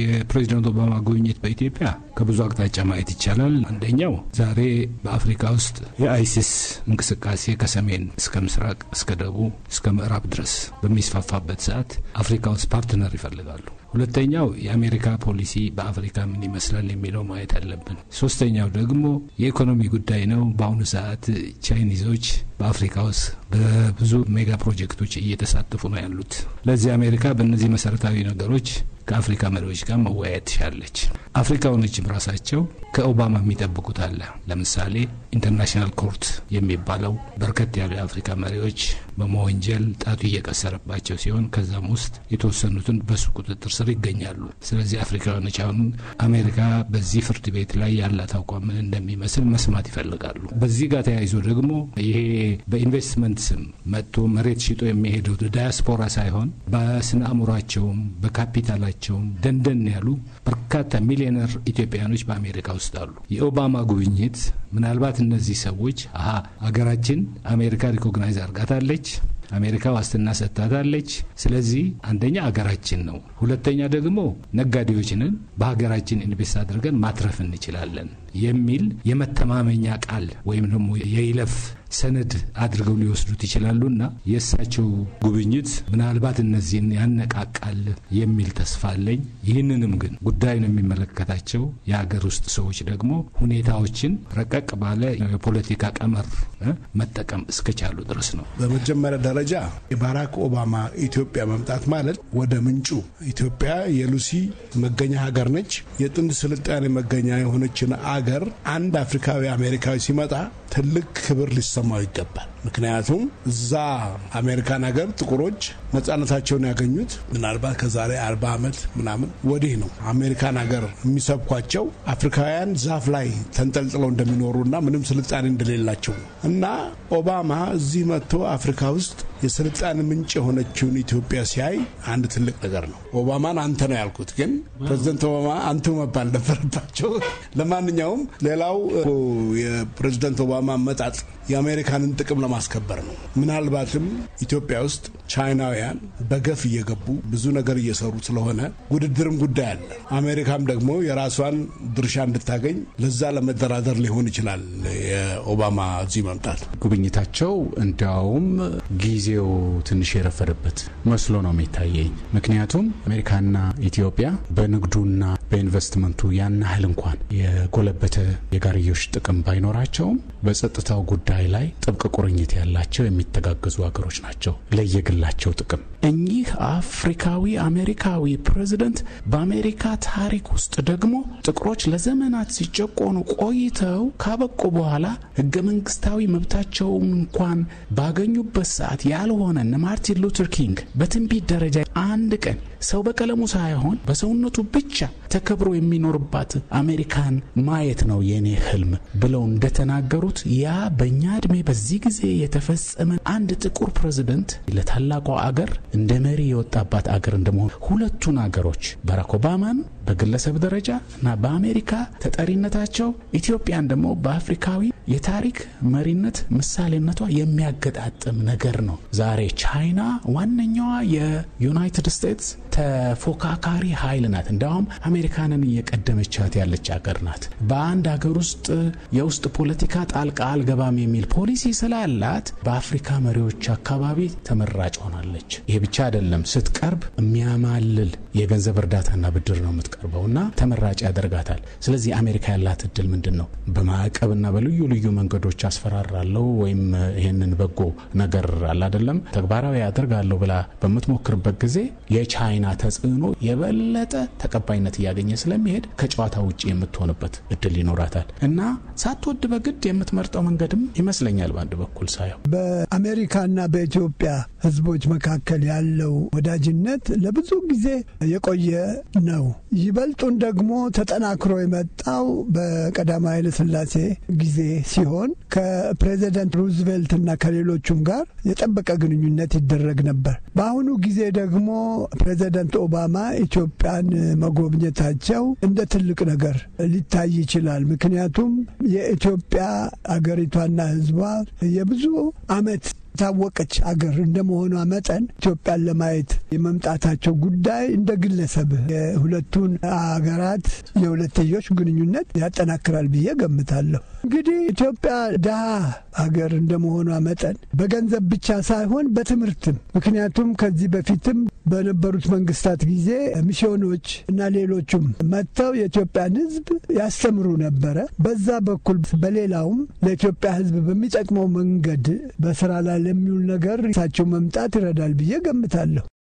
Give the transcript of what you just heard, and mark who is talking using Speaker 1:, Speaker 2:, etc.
Speaker 1: የፕሬዚደንት ኦባማ ጉብኝት በኢትዮጵያ ከብዙ አቅጣጫ ማየት ይቻላል። አንደኛው ዛሬ በአፍሪካ ውስጥ የአይሲስ እንቅስቃሴ ከሰሜን እስከ ምስራቅ፣ እስከ ደቡብ፣ እስከ ምዕራብ ድረስ በሚስፋፋበት ሰዓት አፍሪካ ውስጥ ፓርትነር ይፈልጋሉ። ሁለተኛው የአሜሪካ ፖሊሲ በአፍሪካ ምን ይመስላል የሚለው ማየት አለብን። ሶስተኛው ደግሞ የኢኮኖሚ ጉዳይ ነው። በአሁኑ ሰዓት ቻይኒዞች በአፍሪካ ውስጥ በብዙ ሜጋ ፕሮጀክቶች እየተሳተፉ ነው ያሉት። ለዚህ አሜሪካ በእነዚህ መሰረታዊ ነገሮች ከአፍሪካ መሪዎች ጋር መወያየት ትሻለች። አፍሪካውያኖችም ራሳቸው ከኦባማ የሚጠብቁት አለ። ለምሳሌ ኢንተርናሽናል ኮርት የሚባለው በርከት ያሉ የአፍሪካ መሪዎች በመወንጀል ጣቱ እየቀሰረባቸው ሲሆን ከዛም ውስጥ የተወሰኑትን በሱ ቁጥጥር ስር ይገኛሉ። ስለዚህ አፍሪካውያኖች አሁን አሜሪካ በዚህ ፍርድ ቤት ላይ ያላት አቋም ምን እንደሚመስል መስማት ይፈልጋሉ። በዚህ ጋር ተያይዞ ደግሞ ይሄ በኢንቨስትመንት ስም መጥቶ መሬት ሽጦ የሚሄደው ዳያስፖራ ሳይሆን በስነ አእምሯቸውም በካፒታላቸውም ደንደን ያሉ በርካታ ሚሊዮነር ኢትዮጵያኖች በአሜሪካ ውስጥ አሉ። የኦባማ ጉብኝት ምናልባት እነዚህ ሰዎች አሀ አገራችን አሜሪካ ሪኮግናይዝ አርጋታለች አሜሪካ ዋስትና ሰጥታታለች። ስለዚህ አንደኛ አገራችን ነው፣ ሁለተኛ ደግሞ ነጋዴዎችንን በሀገራችን ኢንቨስት አድርገን ማትረፍ እንችላለን የሚል የመተማመኛ ቃል ወይም ደግሞ የይለፍ ሰነድ አድርገው ሊወስዱት ይችላሉ የእሳቸው ጉብኝት ምናልባት እነዚህን ያነቃቃል የሚል ተስፋ አለኝ። ይህንንም ግን ጉዳዩን የሚመለከታቸው የሀገር ውስጥ ሰዎች ደግሞ ሁኔታዎችን ረቀቅ ባለ የፖለቲካ ቀመር መጠቀም እስከቻሉ ድረስ ነው።
Speaker 2: በመጀመሪያ ደረጃ የባራክ ኦባማ ኢትዮጵያ መምጣት ማለት ወደ ምንጩ ኢትዮጵያ የሉሲ መገኛ ሀገር ነች። የጥንት ስልጣኔ መገኛ የሆነችን ሀገር አንድ አፍሪካዊ አሜሪካዊ ሲመጣ ትልቅ ክብር ሊሰማው ይገባል። ምክንያቱም እዛ አሜሪካን ሀገር ጥቁሮች ነጻነታቸውን ያገኙት ምናልባት ከዛሬ አርባ ዓመት ምናምን ወዲህ ነው። አሜሪካን ሀገር የሚሰብኳቸው አፍሪካውያን ዛፍ ላይ ተንጠልጥለው እንደሚኖሩና ምንም ስልጣኔ እንደሌላቸው እና ኦባማ እዚህ መጥቶ አፍሪካ ውስጥ የስልጣን ምንጭ የሆነችውን ኢትዮጵያ ሲያይ አንድ ትልቅ ነገር ነው። ኦባማን አንተ ነው ያልኩት፣ ግን ፕሬዚደንት ኦባማ አንተ መባል ነበረባቸው። ለማንኛውም ሌላው የፕሬዚደንት ኦባማ መጣጥ የአሜሪካንን ጥቅም ለማስከበር ነው። ምናልባትም ኢትዮጵያ ውስጥ ቻይናውያን በገፍ እየገቡ ብዙ ነገር እየሰሩ ስለሆነ ውድድርም ጉዳይ አለ። አሜሪካም ደግሞ የራሷን ድርሻ እንድታገኝ ለዛ ለመደራደር ሊሆን ይችላል የኦባማ እዚህ መምጣት ጉብኝታቸው እንዲያውም ጊዜ ጊዜው
Speaker 3: ትንሽ የረፈደበት መስሎ ነው የሚታየኝ። ምክንያቱም አሜሪካና ኢትዮጵያ በንግዱና በኢንቨስትመንቱ ያን ያህል እንኳን የጎለበተ የጋርዮሽ ጥቅም ባይኖራቸውም በጸጥታው ጉዳይ ላይ ጥብቅ ቁርኝት ያላቸው የሚተጋገዙ ሀገሮች ናቸው ለየግላቸው ጥቅም። እኚህ አፍሪካዊ አሜሪካዊ ፕሬዚደንት በአሜሪካ ታሪክ ውስጥ ደግሞ ጥቁሮች ለዘመናት ሲጨቆኑ ቆይተው ካበቁ በኋላ ህገ መንግስታዊ መብታቸውን እንኳን ባገኙበት ሰዓት ያልሆነ እነ ማርቲን ሉተር ኪንግ በትንቢት ደረጃ አንድ ቀን ሰው በቀለሙ ሳይሆን በሰውነቱ ብቻ ተከብሮ የሚኖርባት አሜሪካን ማየት ነው የእኔ ህልም ብለው እንደተናገሩት ያ በእኛ ዕድሜ በዚህ ጊዜ የተፈጸመ አንድ ጥቁር ፕሬዝደንት ለታላቋ አገር እንደ መሪ የወጣባት አገር እንደመሆኑ ሁለቱን አገሮች ባራክ ኦባማን በግለሰብ ደረጃ እና በአሜሪካ ተጠሪነታቸው ኢትዮጵያን ደግሞ በአፍሪካዊ የታሪክ መሪነት ምሳሌነቷ የሚያገጣጥም ነገር ነው። ዛሬ ቻይና ዋነኛዋ የዩናይትድ ስቴትስ ተፎካካሪ ኃይል ናት። እንዲያውም አሜሪካንን እየቀደመቻት ያለች ሀገር ናት። በአንድ ሀገር ውስጥ የውስጥ ፖለቲካ ጣልቃ አልገባም የሚል ፖሊሲ ስላላት በአፍሪካ መሪዎች አካባቢ ተመራጭ ሆናለች። ይሄ ብቻ አይደለም፣ ስትቀርብ የሚያማልል የገንዘብ እርዳታና ብድር ነው የምትቀርበው እና ተመራጭ ያደርጋታል። ስለዚህ አሜሪካ ያላት እድል ምንድን ነው? በማዕቀብና በልዩ ልዩ መንገዶች አስፈራራለሁ ወይም ይህንን በጎ ነገር አላደለም ተግባራዊ ያደርጋለሁ ብላ በምትሞክርበት ጊዜ የቻይና ሚና ተጽዕኖ የበለጠ ተቀባይነት እያገኘ ስለሚሄድ ከጨዋታ ውጭ የምትሆንበት እድል ይኖራታል እና ሳትወድ በግድ የምትመርጠው መንገድም ይመስለኛል። በአንድ በኩል ሳየው
Speaker 4: በአሜሪካና በኢትዮጵያ ሕዝቦች መካከል ያለው ወዳጅነት ለብዙ ጊዜ የቆየ ነው። ይበልጡን ደግሞ ተጠናክሮ የመጣው በቀዳማዊ ኃይለ ሥላሴ ጊዜ ሲሆን ከፕሬዚደንት ሩዝቬልትና ከሌሎቹም ጋር የጠበቀ ግንኙነት ይደረግ ነበር። በአሁኑ ጊዜ ደግሞ ፕሬዚደንት ፕሬዚዳንት ኦባማ ኢትዮጵያን መጎብኘታቸው እንደ ትልቅ ነገር ሊታይ ይችላል። ምክንያቱም የኢትዮጵያ አገሪቷና ሕዝቧ የብዙ ዓመት ታወቀች አገር እንደመሆኗ መጠን ኢትዮጵያን ለማየት የመምጣታቸው ጉዳይ እንደ ግለሰብ የሁለቱን አገራት የሁለትዮሽ ግንኙነት ያጠናክራል ብዬ ገምታለሁ። እንግዲህ ኢትዮጵያ ድሃ አገር እንደመሆኗ መጠን በገንዘብ ብቻ ሳይሆን በትምህርትም ምክንያቱም ከዚህ በፊትም በነበሩት መንግስታት ጊዜ ሚስዮኖች እና ሌሎቹም መጥተው የኢትዮጵያን ሕዝብ ያስተምሩ ነበረ። በዛ በኩል በሌላውም ለኢትዮጵያ ሕዝብ በሚጠቅመው መንገድ በስራ ላይ ለሚውል ነገር እሳቸው መምጣት ይረዳል ብዬ ገምታለሁ።